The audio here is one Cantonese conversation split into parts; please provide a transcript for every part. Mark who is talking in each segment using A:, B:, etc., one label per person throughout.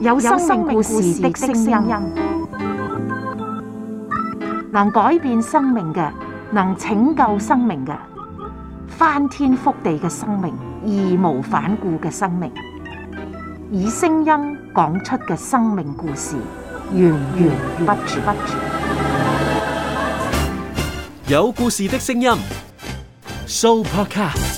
A: 有生命故事的聲音，能改變生命嘅，能拯救生命嘅，翻天覆地嘅生命，義無反顧嘅生命，以聲音講出嘅生命故事，源源不絕。有故事的聲音，Supercar。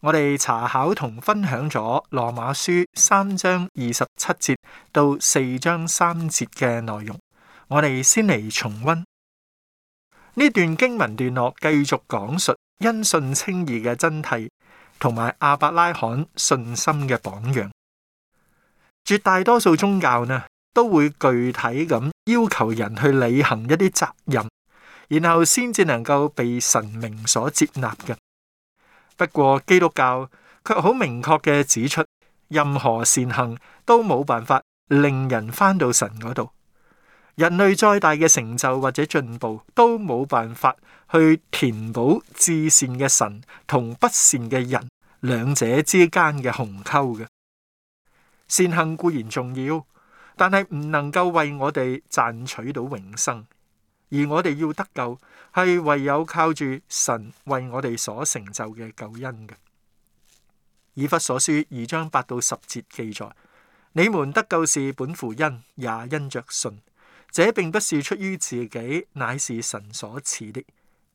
A: 我哋查考同分享咗羅馬書三章二十七節到四章三節嘅內容，我哋先嚟重温呢段經文段落，繼續講述因信稱義嘅真諦，同埋亞伯拉罕信心嘅榜樣。絕大多數宗教呢都會具體咁要求人去履行一啲責任，然後先至能夠被神明所接納嘅。不過基督教卻好明確嘅指出，任何善行都冇辦法令人返到神嗰度。人類再大嘅成就或者進步，都冇辦法去填補至善嘅神同不善嘅人兩者之間嘅鴻溝嘅。善行固然重要，但係唔能夠為我哋賺取到永生。而我哋要得救，係唯有靠住神為我哋所成就嘅救恩嘅。以弗所書二章八到十節記載：你們得救是本乎恩，也因着信。這並不是出於自己，乃是神所賜的；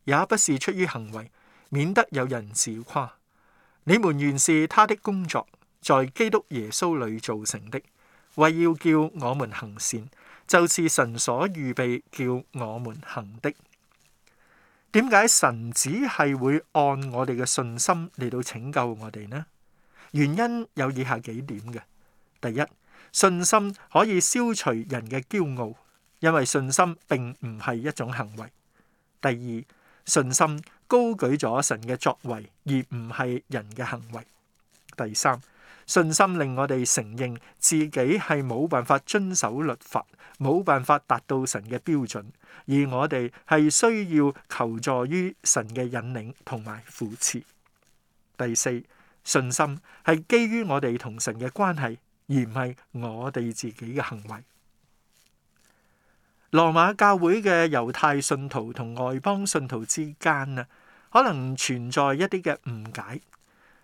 A: 也不是出於行為，免得有人自誇。你們原是他的工作，在基督耶穌裏造成的，為要叫我們行善。就是神所預備叫我們行的。點解神只係會按我哋嘅信心嚟到拯救我哋呢？原因有以下幾點嘅：第一，信心可以消除人嘅驕傲，因為信心並唔係一種行為；第二，信心高舉咗神嘅作為，而唔係人嘅行為；第三，信心令我哋承認自己係冇辦法遵守律法，冇辦法達到神嘅標準，而我哋係需要求助於神嘅引領同埋扶持。第四，信心係基於我哋同神嘅關係，而唔係我哋自己嘅行為。羅馬教會嘅猶太信徒同外邦信徒之間啊，可能存在一啲嘅誤解。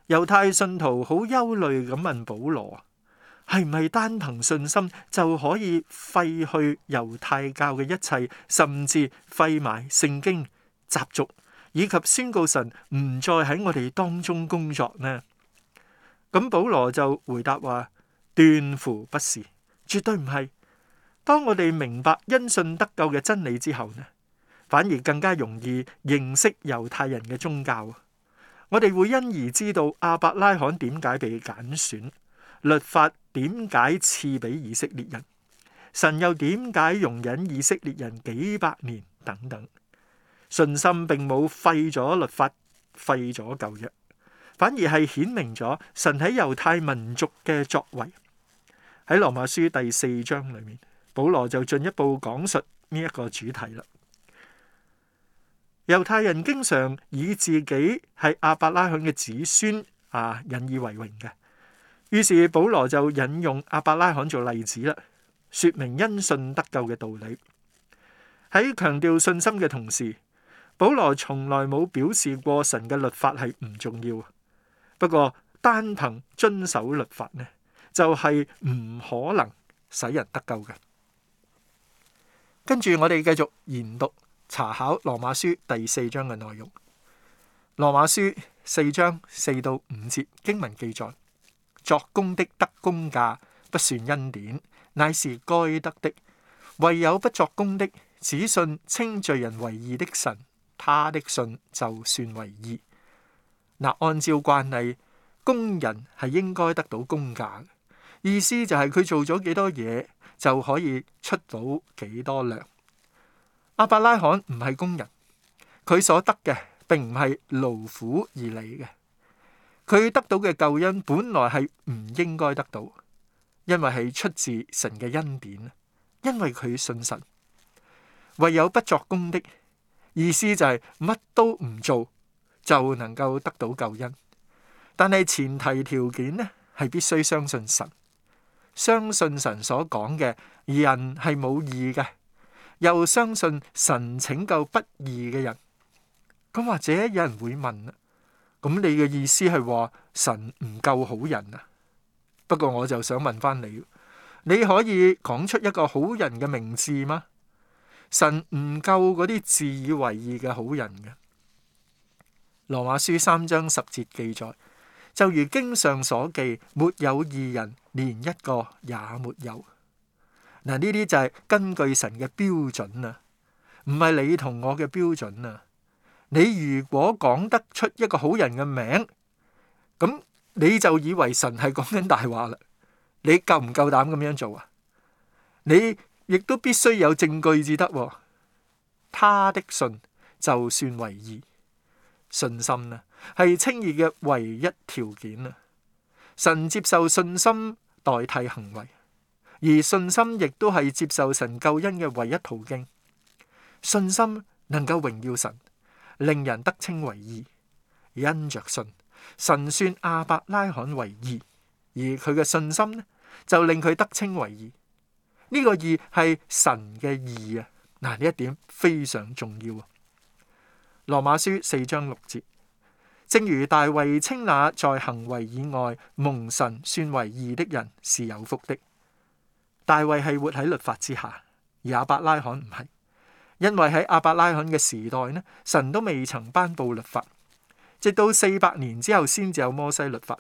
A: 猶太信徒好憂慮咁問保羅：係唔係單憑信心就可以廢去猶太教嘅一切，甚至廢埋聖經、習俗以及宣告神唔再喺我哋當中工作呢？咁保羅就回答話：斷乎不是，絕對唔係。當我哋明白因信得救嘅真理之後呢，反而更加容易認識猶太人嘅宗教。我哋會因而知道亞伯拉罕點解被揀選，律法點解賜俾以色列人，神又點解容忍以色列人幾百年等等。信心並冇廢咗律法，廢咗舊約，反而係顯明咗神喺猶太民族嘅作為。喺羅馬書第四章裏面，保羅就進一步講述呢一個主題啦。猶太人經常以自己係亞伯拉罕嘅子孫啊引以為榮嘅，於是保羅就引用亞伯拉罕做例子啦，説明因信得救嘅道理。喺強調信心嘅同時，保羅從來冇表示過神嘅律法係唔重要。不過單憑遵守律法呢，就係唔可能使人得救嘅。跟住我哋繼續研讀。查考《羅馬書》第四章嘅內容，《羅馬書》四章四到五節經文記載：作工的得工價不算恩典，乃是該得的；唯有不作工的，只信稱罪人為義的神，他的信就算為義。嗱，按照慣例，工人係應該得到工價，意思就係佢做咗幾多嘢就可以出到幾多糧。阿伯拉罕唔係工人，佢所得嘅並唔係勞苦而嚟嘅，佢得到嘅救恩本來係唔應該得到，因為係出自神嘅恩典，因為佢信神。唯有不作工的，意思就係乜都唔做就能夠得到救恩，但係前提條件呢係必須相信神，相信神所講嘅人係冇義嘅。又相信神拯救不義嘅人，咁或者有人會問啦，咁你嘅意思係話神唔救好人啊？不過我就想問翻你，你可以講出一個好人嘅名字嗎？神唔救嗰啲自以為義嘅好人嘅啊。羅馬書三章十節記載，就如經上所記，沒有義人，連一個也沒有。嗱，呢啲就係根據神嘅標準啊，唔係你同我嘅標準啊。你如果講得出一個好人嘅名，咁你就以為神係講緊大話啦。你夠唔夠膽咁樣做啊？你亦都必須有證據至得。他的信就算為義，信心啊係稱義嘅唯一條件啊。神接受信心代替行為。而信心亦都係接受神救恩嘅唯一途徑。信心能夠榮耀神，令人得稱為義。因着信，神算亞伯拉罕為義，而佢嘅信心呢就令佢得稱為義。呢、這個義係神嘅義啊，嗱呢一點非常重要啊。羅馬書四章六節，正如大衛稱那在行為以外蒙神算為義的人是有福的。大衛係活喺律法之下，而亞伯拉罕唔係，因為喺亞伯拉罕嘅時代呢，神都未曾頒布律法，直到四百年之後先至有摩西律法。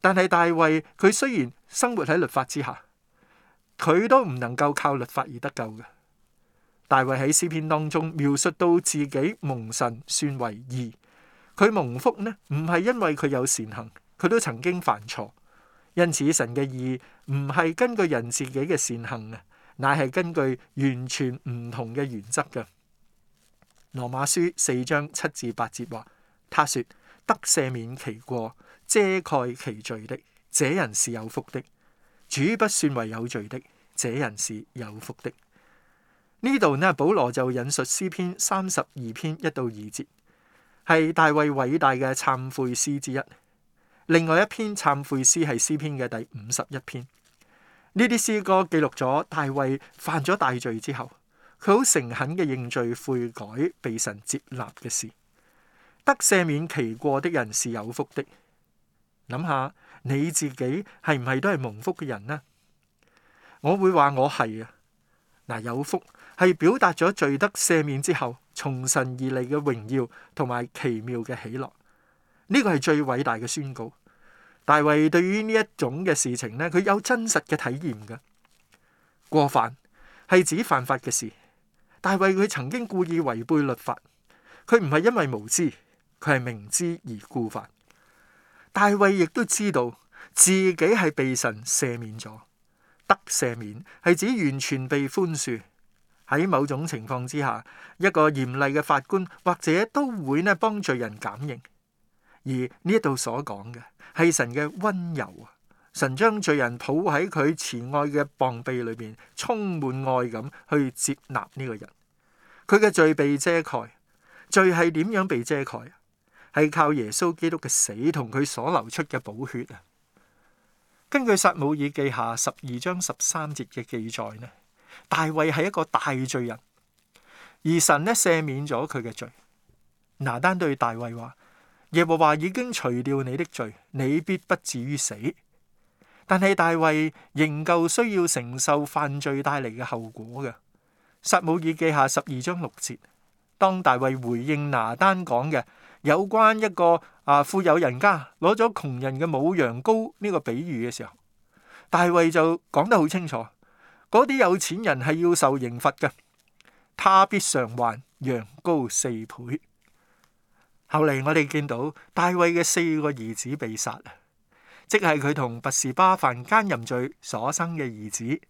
A: 但係大衛佢雖然生活喺律法之下，佢都唔能夠靠律法而得救嘅。大衛喺詩篇當中描述到自己蒙神算為義，佢蒙福呢，唔係因為佢有善行，佢都曾經犯錯。因此，神嘅義唔係根據人自己嘅善行啊，乃係根據完全唔同嘅原則嘅。羅馬書四章七至八節話，他說：得赦免其過、遮蓋其罪的，這人是有福的；主不算為有罪的，這人是有福的。呢度呢，保羅就引述詩篇三十二篇一到二節，係大衛偉大嘅懺悔詩之一。另外一篇懺悔詩係詩篇嘅第五十一篇，呢啲詩歌記錄咗大衛犯咗大罪之後，佢好誠懇嘅認罪悔改，被神接納嘅事，得赦免其過的人是有福的。諗下你自己係唔係都係蒙福嘅人呢？我會話我係啊，嗱，有福係表達咗罪得赦免之後，從神而嚟嘅榮耀同埋奇妙嘅喜樂。呢個係最偉大嘅宣告。大衛對於呢一種嘅事情呢，佢有真實嘅體驗噶。過犯係指犯法嘅事，大衛佢曾經故意違背律法，佢唔係因為無知，佢係明知而故犯。大衛亦都知道自己係被神赦免咗，得赦免係指完全被寬恕。喺某種情況之下，一個嚴厲嘅法官或者都會咧幫罪人減刑。而呢度所講嘅係神嘅溫柔啊，神將罪人抱喺佢慈愛嘅膀臂裏面，充滿愛咁去接納呢個人。佢嘅罪被遮蓋，罪係點樣被遮蓋？係靠耶穌基督嘅死同佢所流出嘅寶血啊！根據撒母耳記下十二章十三節嘅記載呢，大衛係一個大罪人，而神咧赦免咗佢嘅罪。拿單對大衛話。耶和華已經除掉你的罪，你必不至於死。但係大衛仍舊需要承受犯罪帶嚟嘅後果嘅。撒母耳記下十二章六節，當大衛回應拿單講嘅有關一個啊富有人家攞咗窮人嘅母羊羔呢個比喻嘅時候，大衛就講得好清楚，嗰啲有錢人係要受刑罰嘅，他必償還羊羔四倍。後嚟我哋見到大衛嘅四個兒子被殺，即係佢同拔士巴犯奸淫罪所生嘅兒子，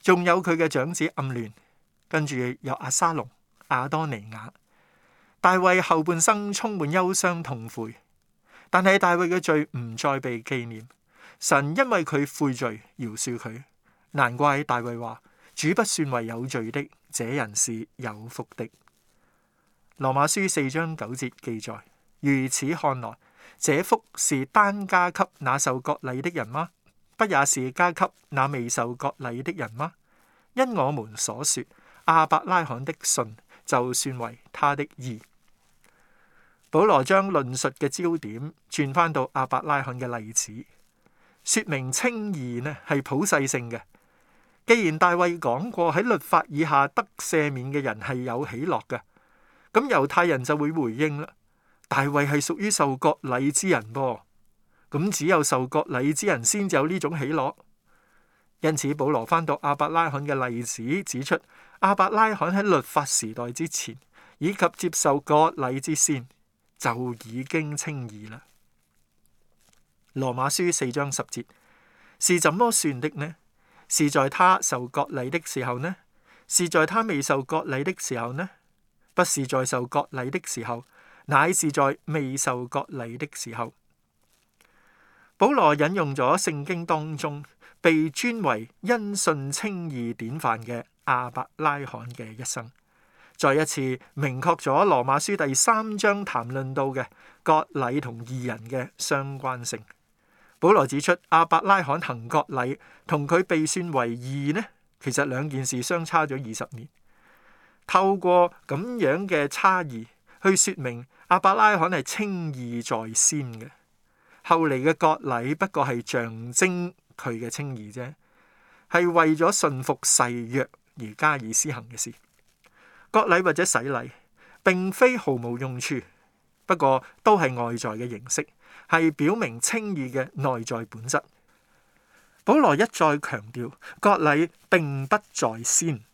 A: 仲有佢嘅長子暗嫩，跟住有阿沙隆、阿多尼雅。大衛後半生充滿憂傷痛悔，但係大衛嘅罪唔再被紀念，神因為佢悔罪饒恕佢。難怪大衛話：主不算為有罪的，這人是有福的。羅馬書四章九節記載，如此看來，這幅是單加給那受割禮的人嗎？不也是加給那未受割禮的人嗎？因我們所說，阿伯拉罕的信就算為他的義。保羅將論述嘅焦點轉翻到阿伯拉罕嘅例子，說明清義呢係普世性嘅。既然大衛講過喺律法以下得赦免嘅人係有喜樂嘅。咁猶太人就會回應啦，大衛係屬於受割禮之人噃，啊，咁只有受割禮之人先有呢種喜樂。因此保羅翻到阿伯拉罕嘅例子，指出阿伯拉罕喺律法時代之前，以及接受割禮之先，就已經稱義啦。羅馬書四章十節，是怎麼算的呢？是在他受割禮的時候呢？是在他未受割禮的時候呢？不是在受割禮的時候，乃是在未受割禮的時候。保羅引用咗聖經當中被尊為因信稱義典範嘅亞伯拉罕嘅一生，再一次明確咗羅馬書第三章談論到嘅割禮同義人嘅相關性。保羅指出，亞伯拉罕行割禮同佢被算為義呢，其實兩件事相差咗二十年。透過咁樣嘅差異去說明，亞伯拉罕係稱義在先嘅，後嚟嘅割禮不過係象徵佢嘅稱義啫，係為咗信服誓約而加以施行嘅事。割禮或者洗禮，並非毫無用處，不過都係外在嘅形式，係表明稱義嘅內在本質。保羅一再強調，割禮並不在先。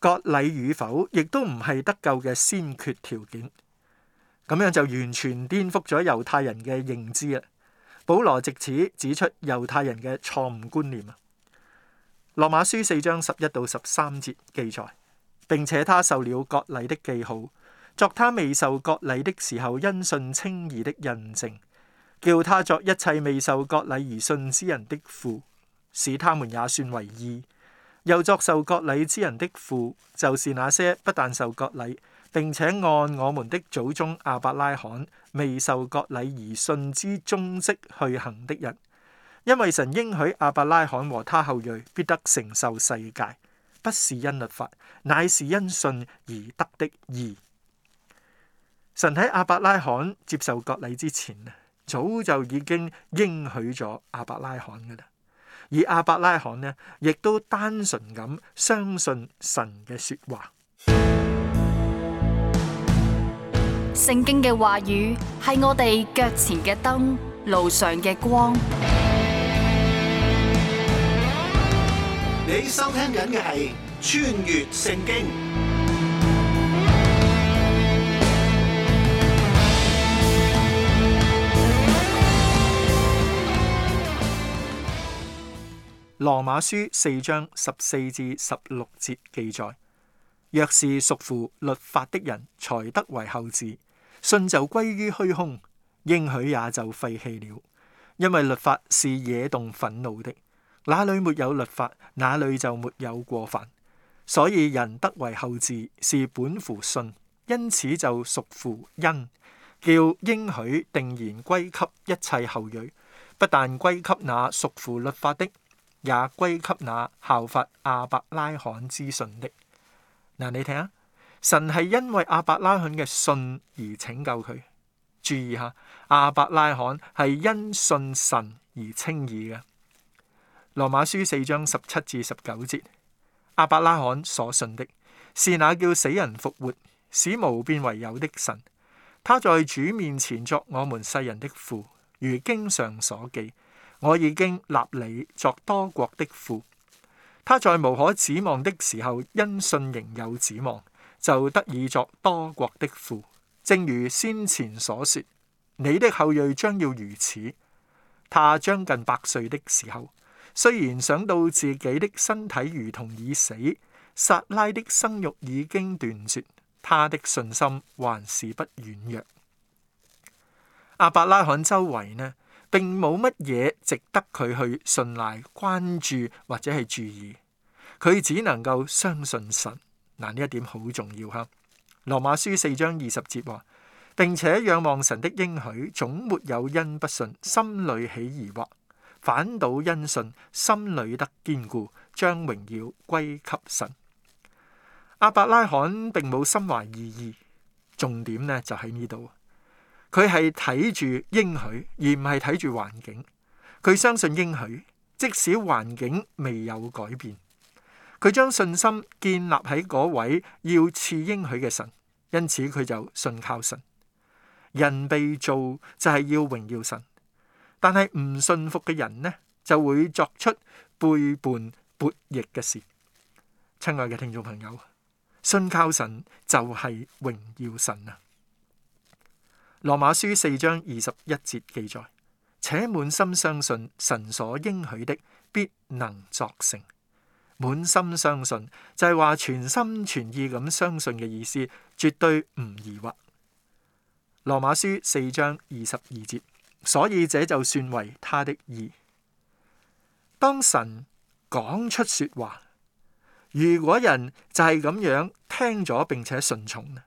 A: 割禮與否，亦都唔係得救嘅先決條件，咁樣就完全顛覆咗猶太人嘅認知啊！保羅借此指出猶太人嘅錯誤觀念啊，《羅馬書》四章十一到十三節記載，並且他受了割禮的記號，作他未受割禮的時候因信稱義的印證，叫他作一切未受割禮而信之人的父，使他們也算為義。又作受割禮之人的父，就是那些不但受割禮，並且按我們的祖宗亞伯拉罕未受割禮而信之蹤跡去行的人。因為神應許亞伯拉罕和他後裔必得承受世界，不是因律法，乃是因信而得的義。神喺亞伯拉罕接受割禮之前，早就已經應許咗亞伯拉罕㗎喇。而阿伯拉罕呢，亦都單純咁相信神嘅說話。聖經嘅話語係我哋腳前嘅燈，路上嘅光。你收聽緊嘅係《穿越聖經》。《羅馬書》四章十四至十六節記載：若是屬乎律法的人，才得為後嗣；信就歸於虛空，應許也就廢棄了。因為律法是惹動憤怒的，哪裏沒有律法，哪裏就沒有過犯。所以人得為後嗣是本乎信，因此就屬乎恩，叫應許定然歸給一切後裔，不但歸給那屬乎律法的。也歸給那效法阿伯拉罕之信的。嗱，你睇下，神係因為阿伯拉罕嘅信而拯救佢。注意下，阿伯拉罕係因信神而稱義嘅。羅馬書四章十七至十九節，阿伯拉罕所信的，是那叫死人復活、使無變為有的神。他在主面前作我們世人的父，如經上所記。我已經立你作多國的父。他在無可指望的時候，因信仍有指望，就得以作多國的父。正如先前所說，你的後裔將要如此。他將近百歲的時候，雖然想到自己的身體如同已死，撒拉的生育已經斷絕，他的信心還是不軟弱。亞伯拉罕周圍呢？並冇乜嘢值得佢去信賴、關注或者係注意，佢只能夠相信神。嗱，呢一點好重要哈。羅馬書四章二十節話，並且仰望神的應許，總沒有因不信心裏起疑惑，反倒因信心裏得堅固，將榮耀歸給神。亞伯拉罕並冇心懷二意，重點呢就喺呢度。佢係睇住應許，而唔係睇住環境。佢相信應許，即使環境未有改變，佢將信心建立喺嗰位要賜應許嘅神。因此佢就信靠神。人被造就係要榮耀神，但係唔信服嘅人呢，就會作出背叛、悖逆嘅事。親愛嘅聽眾朋友，信靠神就係榮耀神啊！羅馬書四章二十一節記載，且滿心相信神所應許的必能作成。滿心相信就係話全心全意咁相信嘅意思，絕對唔疑惑。羅馬書四章二十二節，所以這就算為他的意。當神講出說話，如果人就係咁樣聽咗並且順從，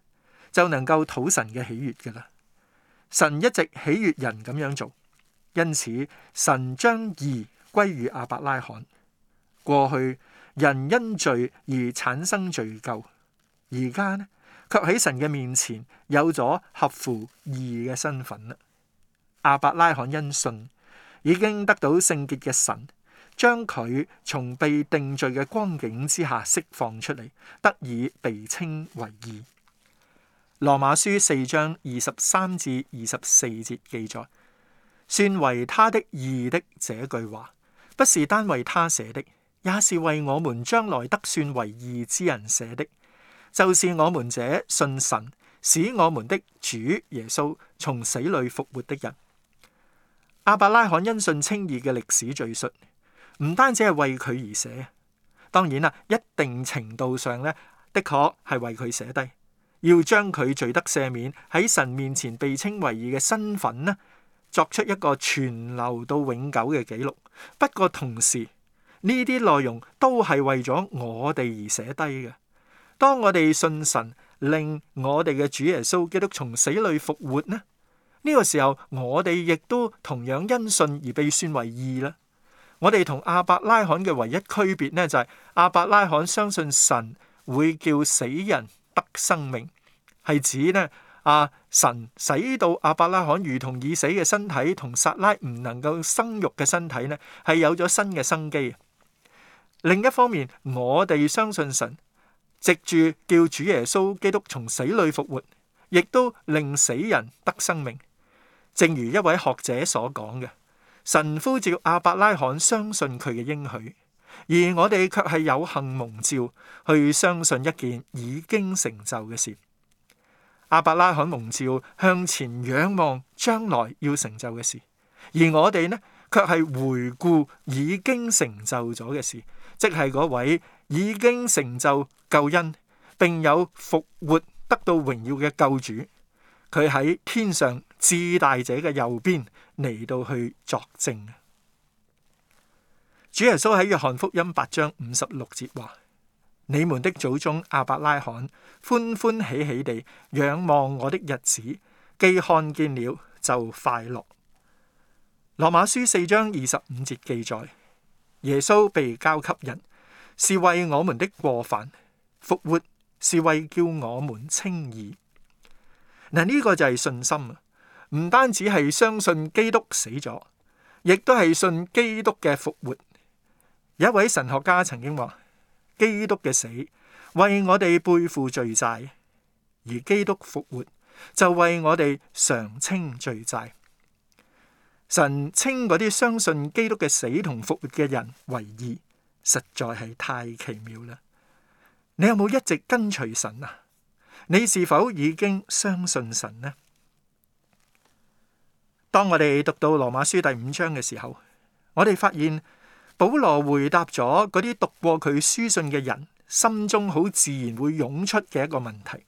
A: 就能夠討神嘅喜悅㗎喇。神一直喜悅人咁樣做，因此神將義歸於亞伯拉罕。過去，人因罪而產生罪疚，而家呢却喺神嘅面前有咗合乎義嘅身份。亞伯拉罕因信已經得到聖潔嘅神，將佢從被定罪嘅光景之下釋放出嚟，得以被稱為義。羅馬書四章二十三至二十四節記載，算為他的義的這句話，不是單為他寫的，也是為我們將來得算為義之人寫的，就是我們這信神使我們的主耶穌從死裏復活的人。阿伯拉罕因信稱義嘅歷史敘述，唔單止係為佢而寫，當然啦，一定程度上咧，的確係為佢寫低。要將佢罪得赦免喺神面前被稱為義嘅身份呢，作出一個存留到永久嘅記錄。不過同時呢啲內容都係為咗我哋而寫低嘅。當我哋信神，令我哋嘅主耶穌基督從死裏復活呢，呢、呢個時候我哋亦都同樣因信而被算為義啦。我哋同亞伯拉罕嘅唯一區別呢、就是，就係亞伯拉罕相信神會叫死人得生命。係指咧，阿、啊、神使到阿伯拉罕如同已死嘅身體，同撒拉唔能夠生育嘅身體咧，係有咗新嘅生機。另一方面，我哋相信神藉住叫主耶穌基督從死裏復活，亦都令死人得生命。正如一位學者所講嘅，神呼召阿伯拉罕相信佢嘅應許，而我哋卻係有幸蒙召去相信一件已經成就嘅事。阿伯拉罕蒙召向前仰望將來要成就嘅事，而我哋呢，卻係回顧已經成就咗嘅事，即係嗰位已經成就救恩，並有復活得到榮耀嘅救主，佢喺天上至大者嘅右邊嚟，到去作證。主耶穌喺約翰福音八章五十六節話。你們的祖宗亞伯拉罕歡歡喜喜地仰望我的日子，既看見了就快樂。羅馬書四章二十五節記載，耶穌被交給人，是為我們的過犯，復活，是為叫我們稱義。嗱、這、呢個就係信心啊！唔單止係相信基督死咗，亦都係信基督嘅復活。有一位神學家曾經話。基督嘅死為我哋背負罪債，而基督復活就為我哋償清罪債。神稱嗰啲相信基督嘅死同復活嘅人為義，實在係太奇妙啦！你有冇一直跟隨神啊？你是否已經相信神呢？當我哋讀到羅馬書第五章嘅時候，我哋發現。保羅回答咗嗰啲讀過佢書信嘅人，心中好自然會湧出嘅一個問題。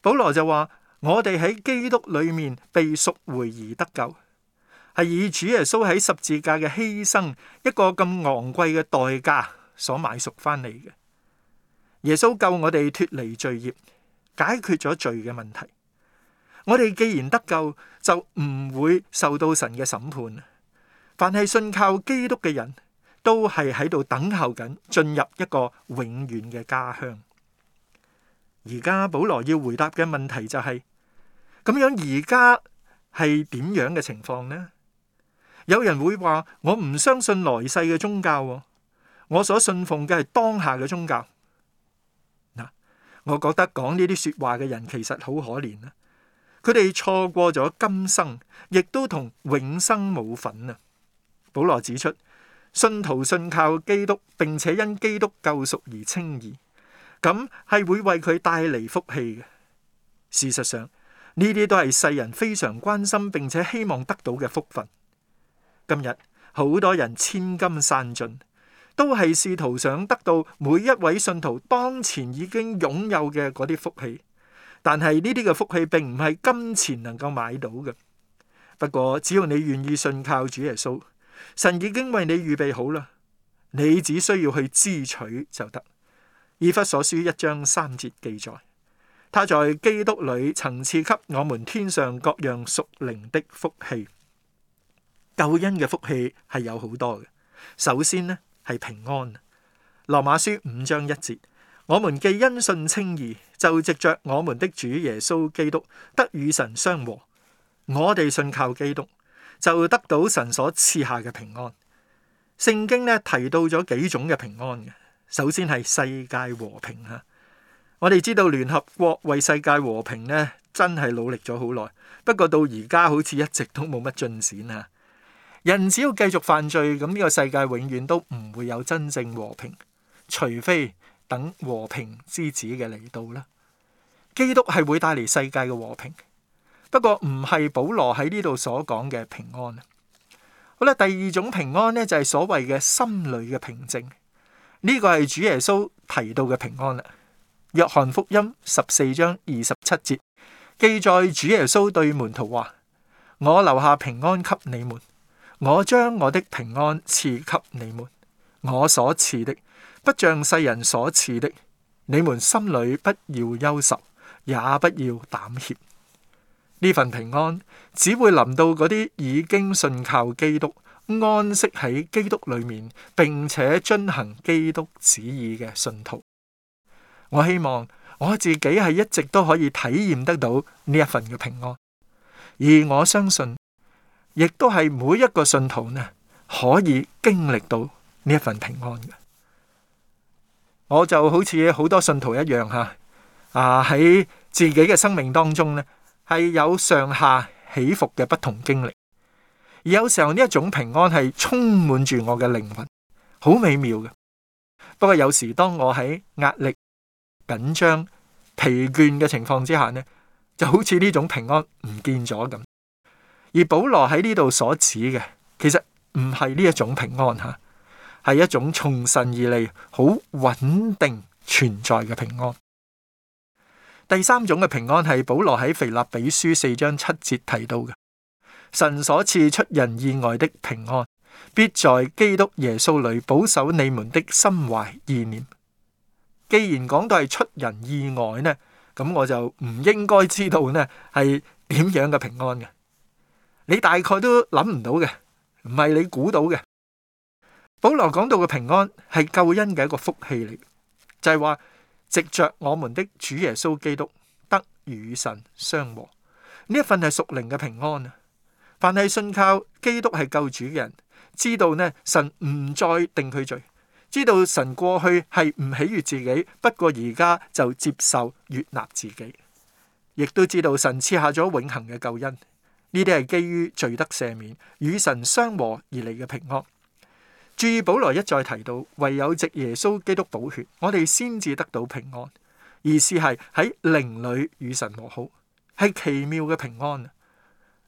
A: 保羅就話：我哋喺基督裏面被贖回而得救，係以主耶穌喺十字架嘅犧牲一個咁昂貴嘅代價所買贖翻嚟嘅。耶穌救我哋脫離罪業，解決咗罪嘅問題。我哋既然得救，就唔會受到神嘅審判。凡係信靠基督嘅人都係喺度等候緊進入一個永遠嘅家鄉。而家保羅要回答嘅問題就係咁樣，而家係點樣嘅情況呢？有人會話我唔相信來世嘅宗教，我所信奉嘅係當下嘅宗教。嗱，我覺得講呢啲說話嘅人其實好可憐啦，佢哋錯過咗今生，亦都同永生冇份啊！保羅指出，信徒信靠基督，並且因基督救贖而稱義，咁係會為佢帶嚟福氣嘅。事實上，呢啲都係世人非常關心並且希望得到嘅福分。今日好多人千金散盡，都係試圖想得到每一位信徒當前已經擁有嘅嗰啲福氣。但係呢啲嘅福氣並唔係金錢能夠買到嘅。不過只要你願意信靠主耶穌。神已經為你預備好啦，你只需要去支取就得。以弗所書一章三節記載，他在基督裏曾賜給我們天上各樣屬靈的福氣。救恩嘅福氣係有好多嘅，首先呢係平安。羅馬書五章一節，我們既因信稱義，就藉着我們的主耶穌基督得與神相和。我哋信靠基督。就得到神所賜下嘅平安。聖經咧提到咗幾種嘅平安嘅，首先係世界和平吓。我哋知道聯合國為世界和平咧真係努力咗好耐，不過到而家好似一直都冇乜進展吓。人只要繼續犯罪，咁呢個世界永遠都唔會有真正和平，除非等和平之子嘅嚟到啦基督係會帶嚟世界嘅和平。不過唔係保羅喺呢度所講嘅平安。好啦，第二種平安呢，就係所謂嘅心裏嘅平靜。呢個係主耶穌提到嘅平安啦。約翰福音十四章二十七節記載主耶穌對門徒話：我留下平安給你們，我將我的平安賜給你們，我所賜的不像世人所賜的。你們心裏不要憂愁，也不要膽怯。呢份平安只會臨到嗰啲已經信靠基督、安息喺基督裏面，並且遵行基督旨意嘅信徒。我希望我自己係一直都可以體驗得到呢一份嘅平安，而我相信亦都係每一個信徒呢可以經歷到呢一份平安嘅。我就好似好多信徒一樣吓啊，喺自己嘅生命當中呢。係有上下起伏嘅不同經歷，而有時候呢一種平安係充滿住我嘅靈魂，好美妙嘅。不過有時當我喺壓力、緊張、疲倦嘅情況之下呢，就好似呢種平安唔見咗咁。而保羅喺呢度所指嘅，其實唔係呢一種平安吓，係一種從神而嚟好穩定存在嘅平安。第三種嘅平安係保羅喺腓立比書四章七節提到嘅，神所賜出人意外的平安，必在基督耶穌裏保守你們的心懷意念。既然講到係出人意外呢，咁我就唔應該知道呢係點樣嘅平安嘅。你大概都諗唔到嘅，唔係你估到嘅。保羅講到嘅平安係救恩嘅一個福氣嚟，就係話。藉着我們的主耶穌基督得與神相和，呢一份係屬靈嘅平安啊！凡係信靠基督係救主嘅人，知道呢神唔再定佢罪，知道神過去係唔喜悅自己，不過而家就接受悅納自己，亦都知道神賜下咗永恆嘅救恩。呢啲係基於罪得赦免、與神相和而嚟嘅平安。注意，保羅一再提到，唯有藉耶穌基督寶血，我哋先至得到平安，而是係喺靈裏與神和好，係奇妙嘅平安。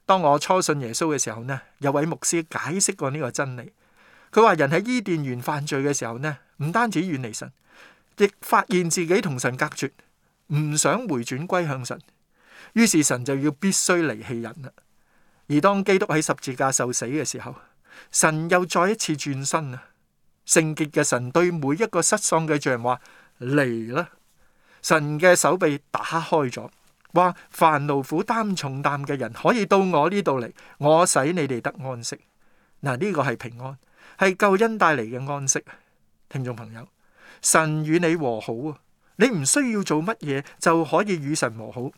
A: 當我初信耶穌嘅時候呢，有位牧師解釋過呢個真理。佢話人喺伊甸園犯罪嘅時候呢，唔單止遠離神，亦發現自己同神隔絕，唔想回轉歸向神。於是神就要必須離棄人啦。而當基督喺十字架受死嘅時候，神又再一次轉身啊！聖潔嘅神對每一個失喪嘅罪人話嚟啦！神嘅手臂打開咗，話凡勞苦擔重擔嘅人可以到我呢度嚟，我使你哋得安息。嗱，呢個係平安，係救恩帶嚟嘅安息。聽眾朋友，神與你和好啊！你唔需要做乜嘢就可以與神和好。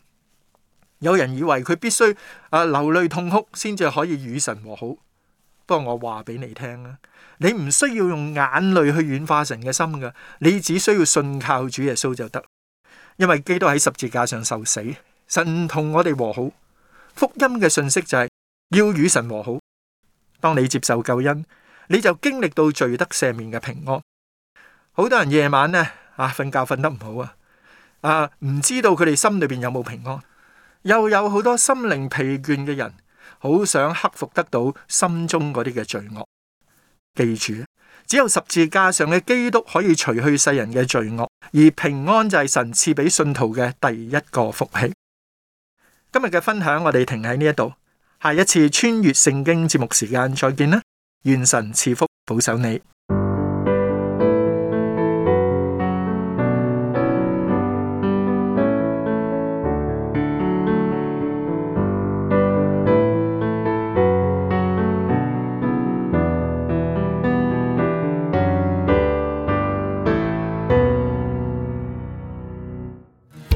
A: 有人以為佢必須啊流淚痛哭先至可以與神和好。不過我話俾你聽啦，你唔需要用眼淚去軟化神嘅心噶，你只需要信靠主耶穌就得。因為基督喺十字架上受死，神同我哋和好。福音嘅信息就係、是、要與神和好。當你接受救恩，你就經歷到罪得赦免嘅平安。好多人夜晚呢，啊，瞓覺瞓得唔好啊，啊唔知道佢哋心裏邊有冇平安，又有好多心靈疲倦嘅人。好想克服得到心中嗰啲嘅罪惡。記住，只有十字架上嘅基督可以除去世人嘅罪惡，而平安就係神賜俾信徒嘅第一個福氣。今日嘅分享我哋停喺呢一度，下一次穿越聖經節目時間再見啦！願神賜福保守你。